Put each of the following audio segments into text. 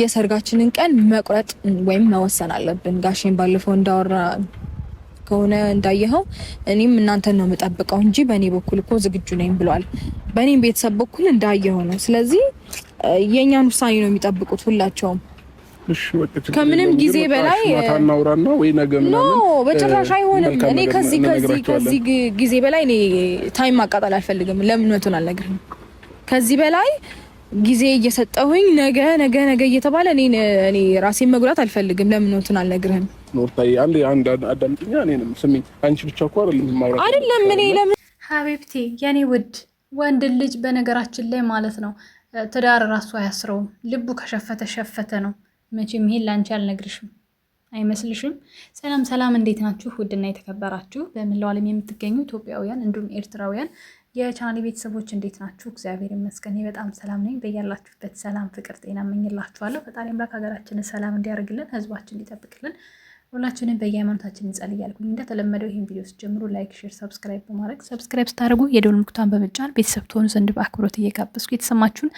የሰርጋችንን ቀን መቁረጥ ወይም መወሰን አለብን። ጋሼን ባለፈው እንዳወራ ከሆነ እንዳየኸው እኔም እናንተን ነው የምጠብቀው እንጂ በእኔ በኩል እኮ ዝግጁ ነኝ ብሏል። በእኔም ቤተሰብ በኩል እንዳየኸው ነው። ስለዚህ የእኛን ውሳኔ ነው የሚጠብቁት ሁላቸውም። ከምንም ጊዜ በላይ በጭራሽ አይሆንም። እኔ ከዚህ ከዚህ ከዚህ ጊዜ በላይ እኔ ታይም ማቃጠል አልፈልግም። ለምነቱን አልነግርህም ከዚህ በላይ ጊዜ እየሰጠሁኝ ነገ ነገ ነገ እየተባለ እኔ እኔ ራሴን መጉዳት አልፈልግም። ለምን እንትን አልነግርህም? ኖርታዬ አንዴ አንድ አዳምጥኛ። እኔንም ስሚኝ። አንቺ ብቻ እኮ አይደለም አይደለም። እኔ ለምን ሀቢብቲ፣ የኔ ውድ ወንድ ልጅ በነገራችን ላይ ማለት ነው ትዳር ራሱ አያስረውም። ልቡ ከሸፈተ ሸፈተ ነው። መቼም ይሄን ለአንቺ አልነግርሽም አይመስልሽም? ሰላም ሰላም፣ እንዴት ናችሁ? ውድና የተከበራችሁ በመላው ዓለም የምትገኙ ኢትዮጵያውያን እንዲሁም ኤርትራውያን የቻናል ቤተሰቦች እንዴት ናችሁ? እግዚአብሔር ይመስገን በጣም ሰላም ነኝ። በያላችሁበት ሰላም፣ ፍቅር፣ ጤና መኝላችኋለሁ። ፈጣሪ አምላክ ሀገራችንን ሰላም እንዲያደርግልን፣ ህዝባችን እንዲጠብቅልን፣ ሁላችንም በየሃይማኖታችን እንጸልይ እያልኩኝ እንደተለመደው ይህን ቪዲዮ ስትጀምሩ ላይክ፣ ሼር፣ ሰብስክራይብ በማድረግ ሰብስክራይብ ስታደርጉ የደወል ምልክቱን በመጫን ቤተሰብ ትሆኑ ዘንድ በአክብሮት እየጋበዝኩ የተሰማችሁን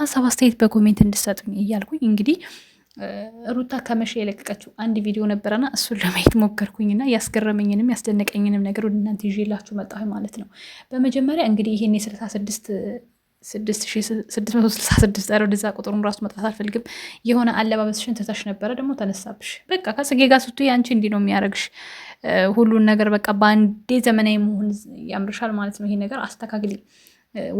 ሀሳብ አስተያየት በኮሜንት እንድሰጡኝ እያልኩኝ እንግዲህ ሩታ ከመሸ የለቀቀችው አንድ ቪዲዮ ነበረና እሱን ለማየት ሞከርኩኝና ያስገረመኝንም ያስደነቀኝንም ነገር ወደ እናንተ ይዤላችሁ መጣሁ ማለት ነው። በመጀመሪያ እንግዲህ ይህን የስልሳ ስድስት ስድስት መቶ ስልሳ ስድስት ኧረ ወደዛ ቁጥሩን ራሱ መጥራት አልፈልግም። የሆነ አለባበስሽን ትተሽ ነበረ ደግሞ ተነሳብሽ። በቃ ከጽጌ ጋር ስቱ አንቺ እንዲህ ነው የሚያደርግሽ ሁሉን ነገር በቃ በአንዴ ዘመናዊ መሆን ያምርሻል ማለት ነው። ይሄ ነገር አስተካክሊ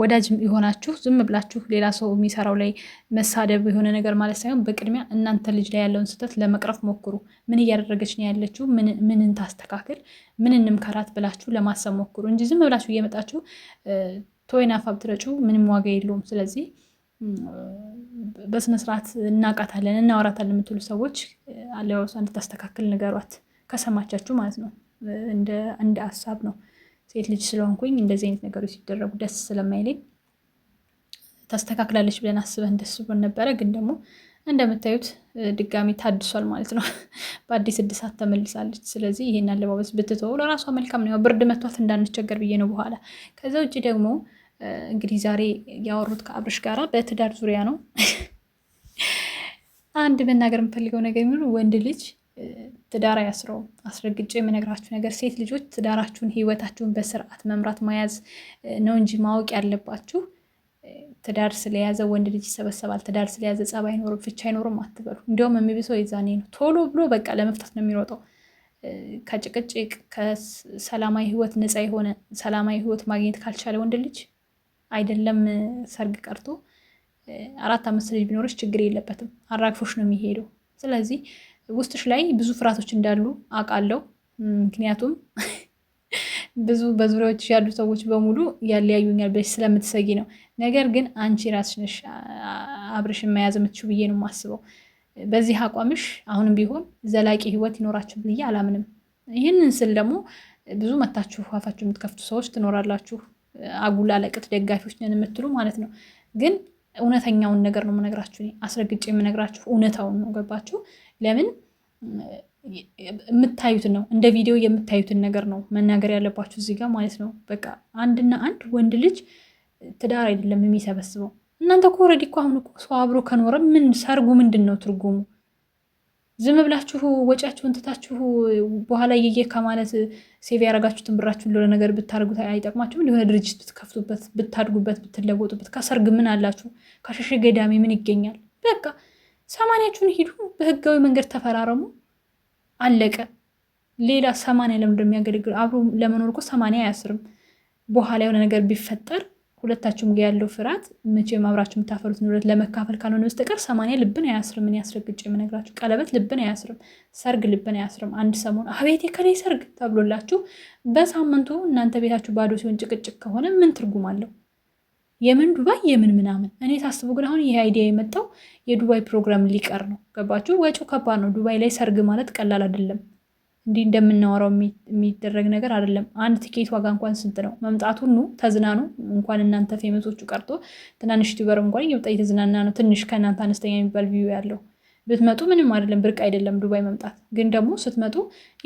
ወዳጅ የሆናችሁ ዝም ብላችሁ ሌላ ሰው የሚሰራው ላይ መሳደብ የሆነ ነገር ማለት ሳይሆን በቅድሚያ እናንተ ልጅ ላይ ያለውን ስህተት ለመቅረፍ ሞክሩ። ምን እያደረገች ነው ያለችው? ምንን ታስተካክል፣ ምን እንምከራት ብላችሁ ለማሰብ ሞክሩ እንጂ ዝም ብላችሁ እየመጣችሁ ቶይና ፋብ ትረጩ ምንም ዋጋ የለውም። ስለዚህ በስነስርዓት እናውቃታለን እናወራታለን የምትሉ ሰዎች አለባበሷ እንድታስተካክል ንገሯት፣ ከሰማቻችሁ ማለት ነው። እንደ ሀሳብ ነው። ሴት ልጅ ስለሆንኩኝ እንደዚህ አይነት ነገሮች ሲደረጉ ደስ ስለማይለኝ ተስተካክላለች ብለን አስበን ደስ ብሎን ነበረ። ግን ደግሞ እንደምታዩት ድጋሚ ታድሷል ማለት ነው። በአዲስ እድሳት ተመልሳለች። ስለዚህ ይሄን አለባበስ ብትተው ለራሷ መልካም ነው። ብርድ መቷት እንዳንቸገር ብዬ ነው በኋላ። ከዛ ውጭ ደግሞ እንግዲህ ዛሬ ያወሩት ከአብርሽ ጋራ በትዳር ዙሪያ ነው። አንድ መናገር የምፈልገው ነገር የሚሆን ወንድ ልጅ ትዳር ያስሮ አስረግጬ የምነግራችሁ ነገር ሴት ልጆች ትዳራችሁን፣ ህይወታችሁን በስርዓት መምራት መያዝ ነው እንጂ ማወቅ ያለባችሁ ትዳር ስለያዘ ወንድ ልጅ ይሰበሰባል፣ ትዳር ስለያዘ ጸብ አይኖርም፣ ፍቻ አይኖርም አትበሉ። እንዲያውም የሚብሰው የዛኔ ነው። ቶሎ ብሎ በቃ ለመፍታት ነው የሚሮጠው። ከጭቅጭቅ ከሰላማዊ ህይወት ነፃ የሆነ ሰላማዊ ህይወት ማግኘት ካልቻለ ወንድ ልጅ አይደለም ሰርግ ቀርቶ አራት አምስት ልጅ ቢኖረች ችግር የለበትም። አራግፎች ነው የሚሄደው። ስለዚህ ውስጥሽ ላይ ብዙ ፍርሃቶች እንዳሉ አውቃለሁ። ምክንያቱም ብዙ በዙሪያዎች ያሉ ሰዎች በሙሉ ያለያዩኛል ብለሽ ስለምትሰጊ ነው። ነገር ግን አንቺ ራስሽ ነሽ አብርሽን መያዝ የምትችው ብዬ ነው የማስበው። በዚህ አቋምሽ አሁንም ቢሆን ዘላቂ ህይወት ይኖራችሁ ብዬ አላምንም። ይህንን ስል ደግሞ ብዙ መታችሁ አፋችሁ የምትከፍቱ ሰዎች ትኖራላችሁ፣ አጉል አለቅት ደጋፊዎች ነን የምትሉ ማለት ነው ግን እውነተኛውን ነገር ነው የምነግራችሁ፣ አስረግጬ የምነግራችሁ እውነታውን ነው። ገባችሁ? ለምን የምታዩትን ነው እንደ ቪዲዮ የምታዩትን ነገር ነው መናገር ያለባችሁ እዚህ ጋር ማለት ነው። በቃ አንድና አንድ ወንድ ልጅ ትዳር አይደለም የሚሰበስበው። እናንተ እኮ ኦልሬዲ እኮ አሁን ሰው አብሮ ከኖረ ምን ሰርጉ ምንድን ነው ትርጉሙ? ዝም ብላችሁ ወጪያችሁን ትታችሁ በኋላ እየየ ከማለት ሴቪ ያረጋችሁትን ብራችሁን ለሆነ ነገር ብታደርጉት አይጠቅማችሁም? እንዲሆነ ድርጅት ብትከፍቱበት፣ ብታድጉበት፣ ብትለወጡበት። ከሰርግ ምን አላችሁ? ከሸሸ ገዳሚ ምን ይገኛል? በቃ ሰማንያችሁን ሂዱ፣ በህጋዊ መንገድ ተፈራረሙ፣ አለቀ። ሌላ ሰማንያ ለምን እንደሚያገለግል አብሮ ለመኖር እኮ ሰማንያ አያስርም። በኋላ የሆነ ነገር ቢፈጠር ሁለታችሁም ጋር ያለው ፍርሃት መቼም አብራችሁ የምታፈሩት ንብረት ለመካፈል ካልሆነ በስተቀር ሰማንያ ልብን አያስርም። እኔ አስረግጬ የምነግራችሁ ቀለበት ልብን አያስርም፣ ሰርግ ልብን አያስርም። አንድ ሰሞን አቤት የከሌ ሰርግ ተብሎላችሁ በሳምንቱ እናንተ ቤታችሁ ባዶ ሲሆን ጭቅጭቅ ከሆነ ምን ትርጉም አለው? የምን ዱባይ የምን ምናምን። እኔ ሳስቡ ግን አሁን ይህ አይዲያ የመጣው የዱባይ ፕሮግራም ሊቀር ነው። ገባችሁ? ወጪው ከባድ ነው። ዱባይ ላይ ሰርግ ማለት ቀላል አይደለም። እንዲህ እንደምናወራው የሚደረግ ነገር አይደለም። አንድ ትኬት ዋጋ እንኳን ስንት ነው? መምጣቱ ሁሉ ተዝናኑ። እንኳን እናንተ ፌመሶቹ ቀርቶ ትናንሽ ዩቲዩበር እንኳን እየመጣ እየተዝናና ነው። ትንሽ ከእናንተ አነስተኛ የሚባል ቪዩ ያለው ብትመጡ ምንም አይደለም፣ ብርቅ አይደለም ዱባይ መምጣት። ግን ደግሞ ስትመጡ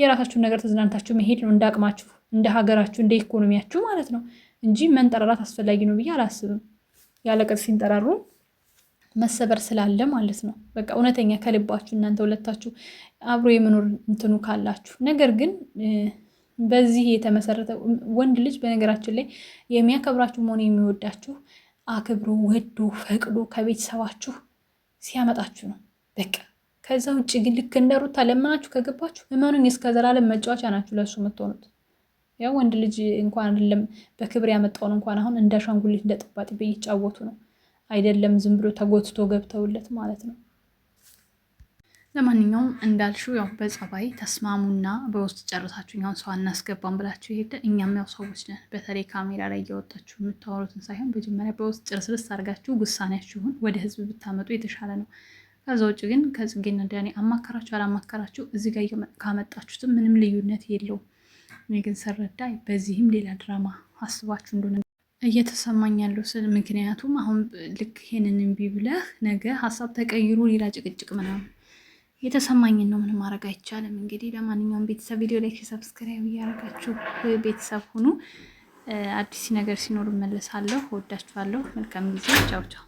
የራሳችሁን ነገር ተዝናንታችሁ መሄድ ነው፣ እንደ አቅማችሁ፣ እንደ ሀገራችሁ፣ እንደ ኢኮኖሚያችሁ ማለት ነው እንጂ መንጠራራት አስፈላጊ ነው ብዬ አላስብም። ያለቀጥ ሲንጠራሩ መሰበር ስላለ ማለት ነው። በቃ እውነተኛ ከልባችሁ እናንተ ሁለታችሁ አብሮ የመኖር እንትኑ ካላችሁ ነገር ግን በዚህ የተመሰረተ ወንድ ልጅ በነገራችን ላይ የሚያከብራችሁ መሆን የሚወዳችሁ አክብሮ ወዶ ፈቅዶ ከቤተሰባችሁ ሲያመጣችሁ ነው በቃ ከዛ ውጭ ግን ልክ እንደ ሩታ ለምናችሁ ከገባችሁ እመኑኝ እስከ ዘላለም መጫወቻ ናችሁ ለእሱ የምትሆኑት። ያው ወንድ ልጅ እንኳን አይደለም በክብር ያመጣውን እንኳን አሁን እንደ አሻንጉሊት እንደ ጥባጥ ነው። አይደለም ዝም ብሎ ተጎትቶ ገብተውለት ማለት ነው። ለማንኛውም እንዳልሽው ያው በጸባይ ተስማሙና በውስጥ ጨርሳችሁ እኛውን ሰው አናስገባም ብላችሁ ሄደ። እኛም ያው ሰዎች ነን። በተለይ ካሜራ ላይ እያወጣችሁ የምታወሩትን ሳይሆን መጀመሪያ በውስጥ ጭርስርስ አድርጋችሁ ውሳኔያችሁን ወደ ህዝብ ብታመጡ የተሻለ ነው። ከዛ ውጭ ግን ከጽጌና ዳኒ አማከራችሁ አላማከራችሁ እዚህ ጋር ካመጣችሁትም ምንም ልዩነት የለውም። እኔ ግን ስረዳ በዚህም ሌላ ድራማ አስባችሁ እንደሆነ እየተሰማኝ ያለው ስል ምክንያቱም አሁን ልክ ይሄንን እምቢ ብለህ ነገ ሀሳብ ተቀይሮ ሌላ ጭቅጭቅ ምናምን የተሰማኝን ነው። ምንም ማድረግ አይቻልም። እንግዲህ ለማንኛውም ቤተሰብ ቪዲዮ ላይ ሰብስክራይብ እያደረጋችሁ ቤተሰብ ሁኑ። አዲስ ነገር ሲኖር እመለሳለሁ። ወዳችኋለሁ። መልካም ጊዜ። ቻው ቻው